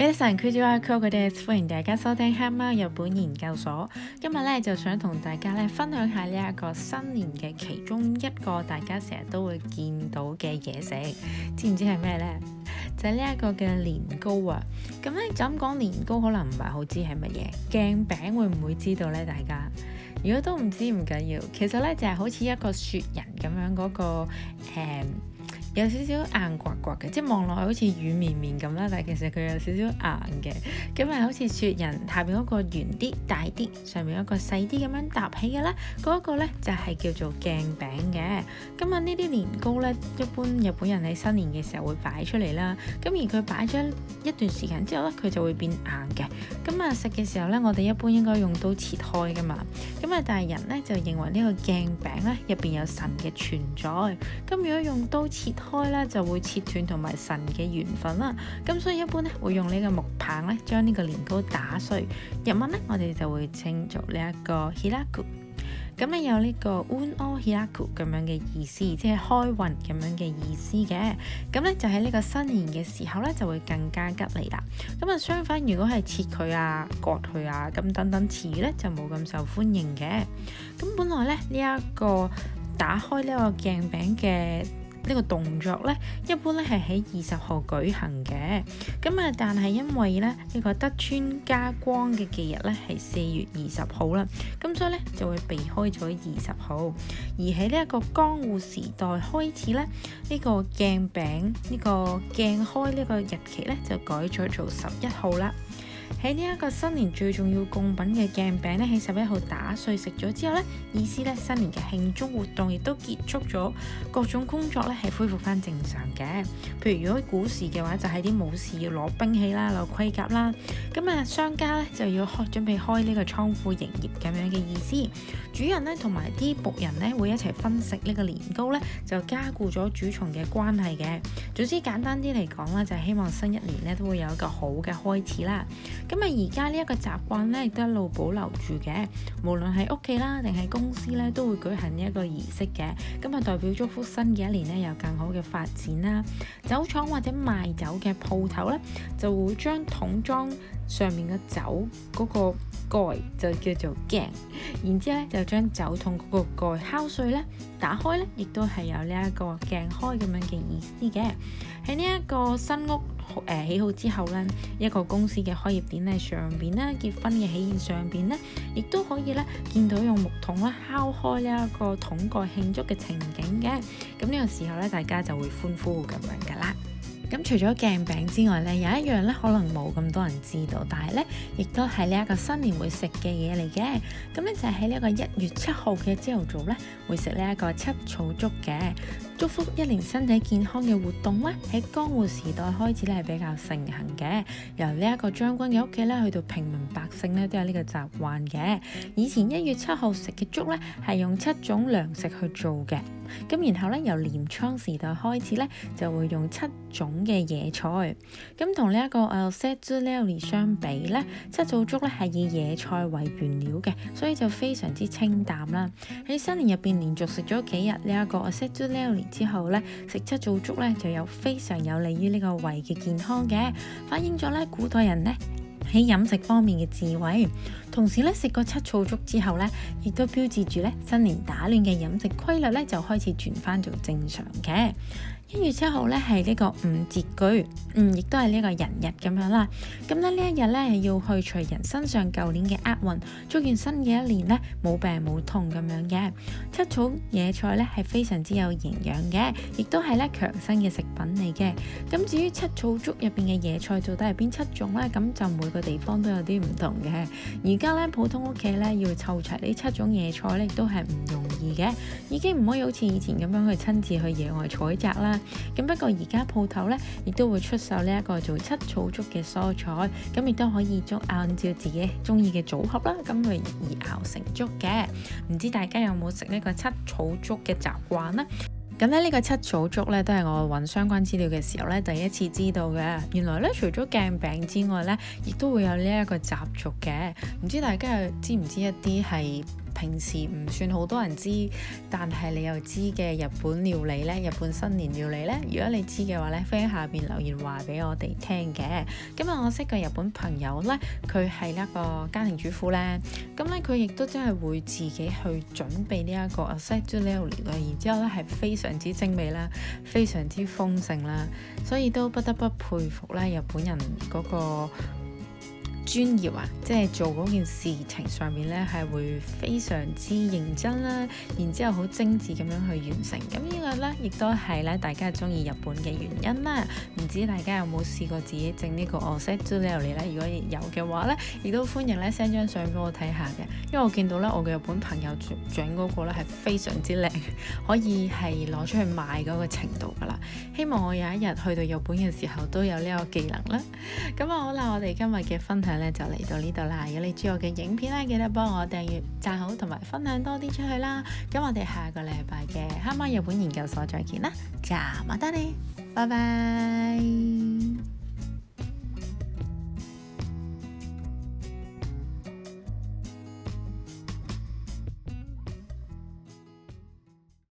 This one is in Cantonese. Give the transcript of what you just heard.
每晨佢叫阿 a y s 歡迎大家收聽黑貓日本研究所。今日咧就想同大家咧分享下呢一個新年嘅其中一個大家成日都會見到嘅嘢食，知唔知係咩呢？就係呢一個嘅年糕啊！咁咧咁講年糕，可能唔係好知係乜嘢，鏡餅會唔會知道呢？大家如果都唔知唔緊要，其實咧就係、是、好似一個雪人咁樣嗰、嗰個、嗯有少少硬刮刮嘅，即係望落去好似軟綿綿咁啦，但係其實佢有少少硬嘅。咁啊，好似雪人下邊嗰個圓啲大啲，上面一個細啲咁樣搭起嘅啦。嗰一個咧就係叫做鏡餅嘅。咁啊，呢啲年糕呢，一般日本人喺新年嘅時候會擺出嚟啦。咁而佢擺咗一段時間之後呢，佢就會變硬嘅。咁啊，食嘅時候呢，我哋一般應該用刀切開㗎嘛。咁啊，但係人呢，就認為呢個鏡餅呢，入邊有神嘅存在。咁如果用刀切，開咧就會切斷同埋神嘅緣分啦。咁所以一般咧會用呢個木棒咧將呢個年糕打碎。日文咧我哋就會稱做呢一個 hiraku。咁咧有呢個 unohiraku 咁樣嘅意思，即係開運咁樣嘅意思嘅。咁咧就喺呢個新年嘅時候咧就會更加吉利啦。咁啊，相反，如果係切佢啊、割佢啊咁等等詞語咧就冇咁受歡迎嘅。咁本來咧呢一個打開呢個鏡餅嘅。呢個動作呢，一般咧係喺二十號舉行嘅。咁啊，但係因為咧呢個德川家光嘅忌日呢係四月二十號啦，咁所以呢就會避開咗二十號。而喺呢一個江戶時代開始呢，呢個鏡餅、呢個鏡開呢個日期呢，就改咗做十一號啦。喺呢一個新年最重要供品嘅鏡餅咧，喺十一號打碎食咗之後咧，意思咧新年嘅慶祝活動亦都結束咗，各種工作咧係恢復返正常嘅。譬如如果古時嘅話，就係啲武士要攞兵器啦，攞盔甲啦。咁啊，商家咧就要開準備開呢個倉庫營業咁樣嘅意思。主人咧同埋啲僕人咧會一齊分食呢個年糕咧，就加固咗主從嘅關係嘅。總之簡單啲嚟講咧，就係希望新一年咧都會有一個好嘅開始啦。咁啊而家呢一個習慣咧亦都一路保留住嘅，無論係屋企啦定係公司咧都會舉行呢一個儀式嘅。咁啊代表祝福新嘅一年咧有更好嘅發展啦。酒廠或者賣酒嘅鋪頭啦，就會將桶裝。上面嘅酒嗰個蓋就叫做鏡，然之後咧就將酒桶嗰個蓋敲碎咧，打開咧，亦都係有呢一個鏡開咁樣嘅意思嘅。喺呢一個新屋誒起、呃、好之後咧，一個公司嘅開業典禮上邊咧，結婚嘅喜宴上邊咧，亦都可以咧見到用木桶啦敲開呢一個桶蓋慶祝嘅情景嘅。咁呢個時候咧，大家就會歡呼咁樣㗎啦。咁除咗鏡餅之外咧，有一樣咧可能冇咁多人知道，但係咧，亦都係呢一個新年會食嘅嘢嚟嘅。咁咧就係喺呢一個一月七號嘅朝頭早咧，會食呢一個七草粥嘅，祝福一年身體健康嘅活動咧，喺江戶時代開始咧係比較盛行嘅，由呢一個將軍嘅屋企咧去到平民百姓咧都有呢個習慣嘅。以前一月七號食嘅粥咧係用七種糧食去做嘅。咁然後咧，由鎌倉時代開始咧，就會用七種嘅野菜。咁同呢一個誒 osechi 料理相比咧，七草粥咧係以野菜為原料嘅，所以就非常之清淡啦。喺新年入邊連續食咗幾日呢一個 osechi 料理之後咧，食七草粥咧就有非常有利於呢個胃嘅健康嘅，反映咗咧古代人咧喺飲食方面嘅智慧。同時咧，食過七草粥之後咧，亦都標誌住咧新年打亂嘅飲食規律咧，就開始轉翻做正常嘅。一月七號咧係呢個五節句，嗯，亦都係呢個人日咁樣啦。咁咧呢一日咧要去除人身上舊年嘅厄運，祝願新嘅一年咧冇病冇痛咁樣嘅。七草野菜咧係非常之有營養嘅，亦都係咧強身嘅食品嚟嘅。咁至於七草粥入邊嘅野菜到底係邊七種咧？咁就每個地方都有啲唔同嘅，而家咧普通屋企咧要湊齊呢七種野菜咧，亦都係唔容易嘅。已經唔可以好似以前咁樣去親自去野外採摘啦。咁不過而家鋪頭咧，亦都會出售呢一個做七草粥嘅蔬菜，咁亦都可以捉按照自己鍾意嘅組合啦，咁嚟熬成粥嘅。唔知大家有冇食呢個七草粥嘅習慣呢？咁咧呢個七草粥咧，都係我揾相關資料嘅時候咧，第一次知道嘅。原來咧，除咗鏡餅之外呢，亦都會有呢一個習俗嘅。唔知大家知唔知一啲係？平時唔算好多人知，但係你又知嘅日本料理呢，日本新年料理呢。如果你知嘅話呢喺下邊留言話俾我哋聽嘅。咁我識個日本朋友呢，佢係一個家庭主婦呢。咁呢，佢亦都真係會自己去準備呢一個 osechi 料理嘅，然之後呢，係非常之精美啦，非常之豐盛啦，所以都不得不佩服呢日本人嗰、那個。專業啊，即係做嗰件事情上面呢，係會非常之認真啦、啊，然之後好精緻咁樣去完成。咁呢個呢，亦都係咧，大家中意日本嘅原因啦、啊。唔知大家有冇試過自己整呢個御節料理咧？如果有嘅話呢，亦都歡迎呢 send 張相俾我睇下嘅，因為我見到呢，我嘅日本朋友整嗰個咧係非常之靚， 可以係攞出去賣嗰個程度噶啦。希望我有一日去到日本嘅時候都有呢個技能啦。咁啊，好啦，我哋今日嘅分享咧就嚟到呢度啦！如果你中意我嘅影片咧，記得幫我訂閱、讚好同埋分享多啲出去啦！咁我哋下個禮拜嘅黑貓日本研究所再見啦，再見啦，拜拜！